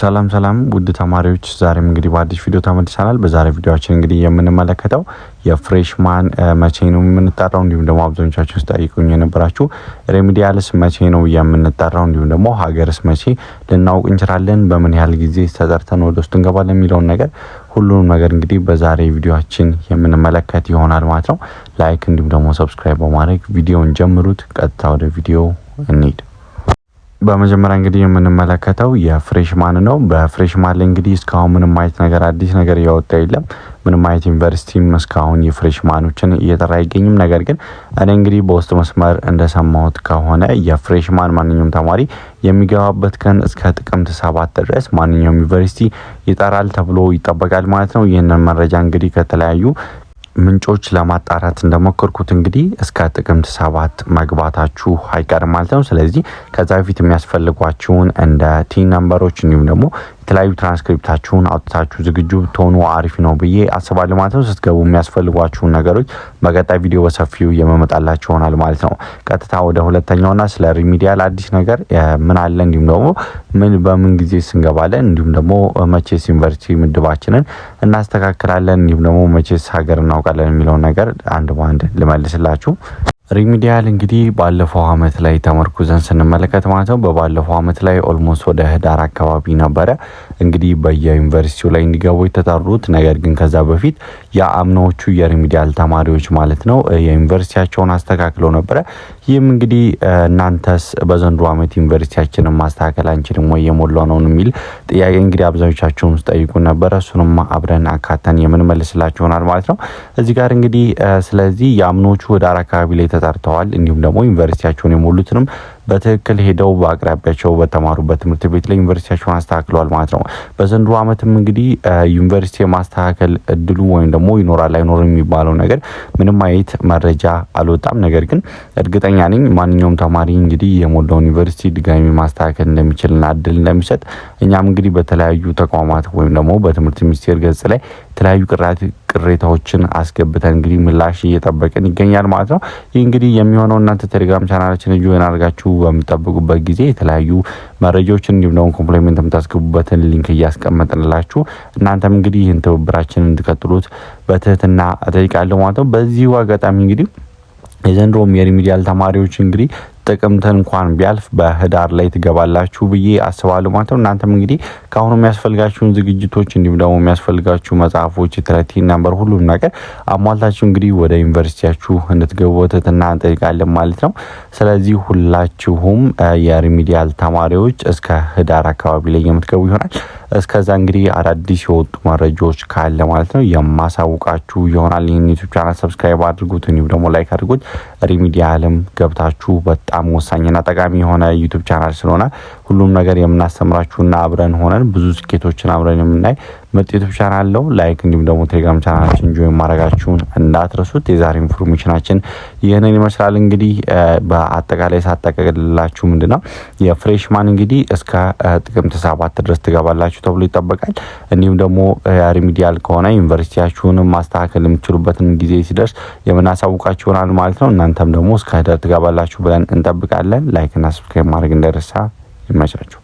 ሰላም ሰላም ውድ ተማሪዎች ዛሬም እንግዲህ በአዲስ ቪዲዮ ተመልሰናል። በዛሬ ቪዲዮችን እንግዲህ የምንመለከተው የፍሬሽማን መቼ ነው የምንጠራው፣ እንዲሁም ደግሞ አብዛኞቻችሁ ስጠይቁኝ የነበራችሁ ሬሚዲያልስ መቼ ነው የምንጠራው፣ እንዲሁም ደግሞ ሀገርስ መቼ ልናውቅ እንችላለን፣ በምን ያህል ጊዜ ተጠርተን ወደ ውስጥ እንገባለን የሚለውን ነገር ሁሉንም ነገር እንግዲህ በዛሬ ቪዲዮችን የምንመለከት ይሆናል ማለት ነው። ላይክ እንዲሁም ደግሞ ሰብስክራይብ በማድረግ ቪዲዮን ጀምሩት። ቀጥታ ወደ ቪዲዮ እንሂድ። በመጀመሪያ እንግዲህ የምንመለከተው የፍሬሽማን ነው። በፍሬሽማን ላይ እንግዲህ እስካሁን ምንም አይነት ነገር አዲስ ነገር እያወጣ የለም። ምንም አይነት ዩኒቨርሲቲም እስካሁን የፍሬሽማኖችን እየጠራ አይገኝም። ነገር ግን እኔ እንግዲህ በውስጥ መስመር እንደሰማሁት ከሆነ የፍሬሽማን ማንኛውም ተማሪ የሚገባበት ቀን እስከ ጥቅምት ሰባት ድረስ ማንኛውም ዩኒቨርሲቲ ይጠራል ተብሎ ይጠበቃል ማለት ነው። ይህንን መረጃ እንግዲህ ከተለያዩ ምንጮች ለማጣራት እንደሞከርኩት እንግዲህ እስከ ጥቅምት ሰባት መግባታችሁ አይቀርም ማለት ነው። ስለዚህ ከዛ በፊት የሚያስፈልጓችሁን እንደ ቲን ነምበሮች እንዲሁም ደግሞ የተለያዩ ትራንስክሪፕታችሁን አውጥታችሁ ዝግጁ ብትሆኑ አሪፍ ነው ብዬ አስባለሁ ማለት ነው። ስትገቡ የሚያስፈልጓችሁን ነገሮች በቀጣይ ቪዲዮ በሰፊው የመመጣላችሁ ይሆናል ማለት ነው። ቀጥታ ወደ ሁለተኛውና ስለ ሪሚዲያል አዲስ ነገር ምን አለ እንዲሁም ደግሞ ምን በምን ጊዜ ስንገባለን እንዲሁም ደግሞ መቼስ ዩኒቨርሲቲ ምድባችንን እናስተካክላለን እንዲሁም ደግሞ መቼስ ሀገር እናውቃለን የሚለውን ነገር አንድ በአንድ ልመልስላችሁ። ሪሚዲያል እንግዲህ ባለፈው አመት ላይ ተመርኩዘን ስንመለከት ማለት ነው። በባለፈው አመት ላይ ኦልሞስት ወደ ህዳር አካባቢ ነበረ እንግዲህ በየዩኒቨርሲቲው ላይ እንዲገቡ የተጠሩት። ነገር ግን ከዛ በፊት የአምናዎቹ የሪሚዲያል ተማሪዎች ማለት ነው የዩኒቨርሲቲያቸውን አስተካክለው ነበረ። ይህም እንግዲህ እናንተስ በዘንድሮ አመት ዩኒቨርሲቲያችንን ማስተካከል አንችልም ወይ የሞላ ነውን የሚል ጥያቄ እንግዲህ ውስጥ ስጠይቁ ነበረ። እሱንም አብረን አካተን የምንመልስላቸውናል ማለት ነው እዚህ ጋር እንግዲህ ስለዚህ የአምናዎቹ ህዳር አካባቢ ላይ ተጠርተዋል። እንዲሁም ደግሞ ዩኒቨርሲቲያቸውን የሞሉትንም በትክክል ሄደው በአቅራቢያቸው በተማሩበት ትምህርት ቤት ላይ ዩኒቨርሲቲያቸውን አስተካክለዋል ማለት ነው። በዘንድሮ ዓመትም እንግዲህ ዩኒቨርሲቲ የማስተካከል እድሉ ወይም ደግሞ ይኖራል አይኖርም የሚባለው ነገር ምንም አይነት መረጃ አልወጣም። ነገር ግን እርግጠኛ ነኝ ማንኛውም ተማሪ እንግዲህ የሞላውን ዩኒቨርሲቲ ድጋሚ ማስተካከል እንደሚችልና እድል እንደሚሰጥ እኛም እንግዲህ በተለያዩ ተቋማት ወይም ደግሞ በትምህርት ሚኒስቴር ገጽ ላይ የተለያዩ ቅሬታዎችን አስገብተን እንግዲህ ምላሽ እየጠበቅን ይገኛል ማለት ነው። ይህ እንግዲህ የሚሆነው እናንተ ቴሌግራም ቻናላችን ጆይን አድርጋችሁ በሚጠብቁበት ጊዜ የተለያዩ መረጃዎችን እንዲሁም ደግሞ ኮምፕሊመንት የምታስገቡበትን ሊንክ እያስቀመጥንላችሁ እናንተም እንግዲህ ይህን ትብብራችን እንድቀጥሉት በትህትና እጠይቃለሁ ማለት ነው። በዚሁ አጋጣሚ እንግዲህ የዘንድሮም የሪሚዲያል ተማሪዎች እንግዲህ ጥቅምትን እንኳን ቢያልፍ በህዳር ላይ ትገባላችሁ ብዬ አስባለሁ ማለት ነው። እናንተም እንግዲህ ከአሁኑ የሚያስፈልጋችሁን ዝግጅቶች እንዲሁም ደግሞ የሚያስፈልጋችሁ መጽሐፎች፣ ትረቲ ነበር ሁሉም ነገር አሟልታችሁ እንግዲህ ወደ ዩኒቨርሲቲያችሁ እንድትገቡ በትህትና እንጠይቃለን ማለት ነው። ስለዚህ ሁላችሁም የሪሚዲያል ተማሪዎች እስከ ህዳር አካባቢ ላይ የምትገቡ ይሆናል። እስከዛ እንግዲህ አዳዲስ የወጡ መረጃዎች ካለ ማለት ነው የማሳውቃችሁ ይሆናል። ይህን ዩቱብ ቻናል ሰብስክራይብ አድርጉት እንዲሁም ደግሞ ላይክ አድርጉት። ሪሚዲያ አለም ገብታችሁ በጣም ወሳኝና ጠቃሚ የሆነ ዩቱብ ቻናል ስለሆነ ሁሉም ነገር የምናስተምራችሁና አብረን ሆነን ብዙ ስኬቶችን አብረን የምናይ ምርጥ ዩቱብ ቻናል ነው። ላይክ እንዲሁም ደግሞ ቴሌግራም ቻናላችን ጆይን ማድረጋችሁን እንዳትረሱት። የዛሬ ኢንፎርሜሽናችን ይህንን ይመስላል። እንግዲህ በአጠቃላይ ሳጠቀልላችሁ ምንድነው የፍሬሽማን እንግዲህ እስከ ጥቅምት ሰባት ድረስ ትገባላችሁ ተብሎ ይጠበቃል። እንዲሁም ደግሞ ሪሚዲያል ከሆነ ዩኒቨርሲቲያችሁንም ማስተካከል የምትችሉበትን ጊዜ ሲደርስ የምናሳውቃችሁ ይሆናል ማለት ነው። እናንተም ደግሞ እስከ ህዳር ትገባላችሁ ብለን እንጠብቃለን። ላይክና ሰብስክራይብ ማድረግ እንዳይረሳ። ይመቻችሁ።